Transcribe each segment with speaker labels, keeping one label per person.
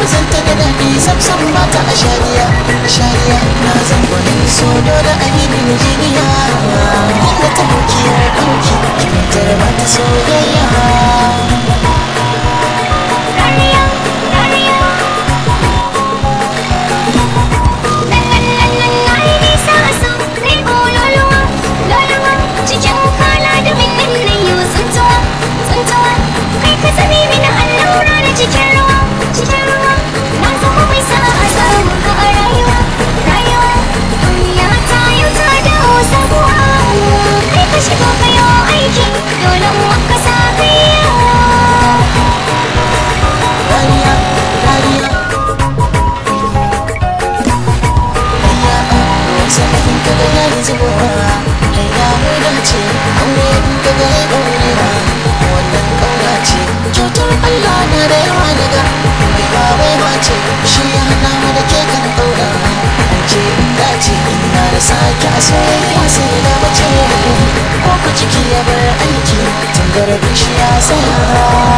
Speaker 1: ba san ta da daɗi sam ba ta a shariya a shariya na zan gwani so dole a yi mini jiniya kuma ta bukiyar ɗauki kyautar zubowa ya mu dace aure in ka ga ɗorewa wannan ƙaura ce cutar Allah na da yawa daga mai ba baiwa ce shi ya hana da ke kan ɗaura ce dace ina da sake a soyayya sai da mace ko ku ciki ya bar aiki tangarar shi ya tsaya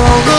Speaker 1: 속으로